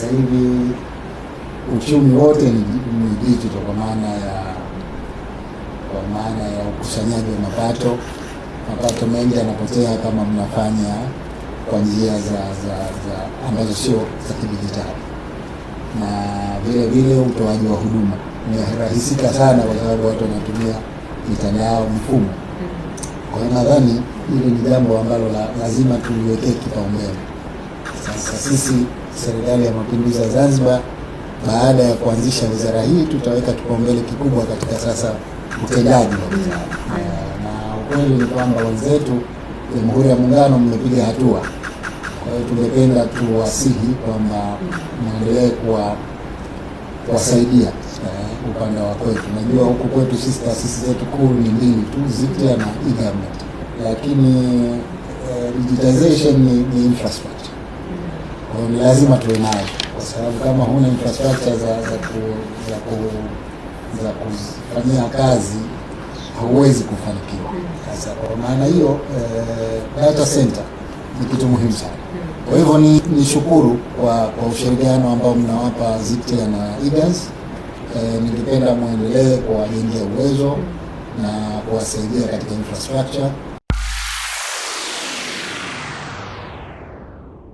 sasa hivi uchumi wote ni, ni digital kwa maana ya kwa maana ya ukusanyaji wa mapato. Mapato mengi yanapotea kama mnafanya kwa njia za, za, za ambazo sio za kidijitali, na vile vile utoaji wa huduma umerahisika sana kwa sababu watu wanatumia mitandao mifumo. Mm-hmm. Kwa hiyo nadhani hili ni jambo ambalo la, lazima tuliwekee kipaumbele. Sisi serikali ya mapinduzi ya Zanzibar, baada ya kuanzisha wizara hii, tutaweka kipaumbele kikubwa katika sasa utendaji wa wizara, na ukweli ni kwamba wenzetu Jamhuri ya Muungano mmepiga hatua. Kwa hiyo tungependa tuwasihi kwamba mwendelee kuwa kuwasaidia eh, upande wa kwetu. Najua huku kwetu sisi taasisi zetu kuu ni mbili tu, ZITIA na e-government, lakini uh, digitization ni, ni infrastructure ni lazima tuwe nayo, kwa sababu kama huna infrastructure za za ku, za, ku, za kufanyia kazi hauwezi kufanikiwa. Sasa kwa maana hiyo eh, data center ni kitu muhimu sana. Kwa hivyo ni, ni shukuru kwa kwa ushirikiano ambao mnawapa ZICTIA na idas Eh, ningependa mwendelee kuwajengea uwezo na kuwasaidia katika infrastructure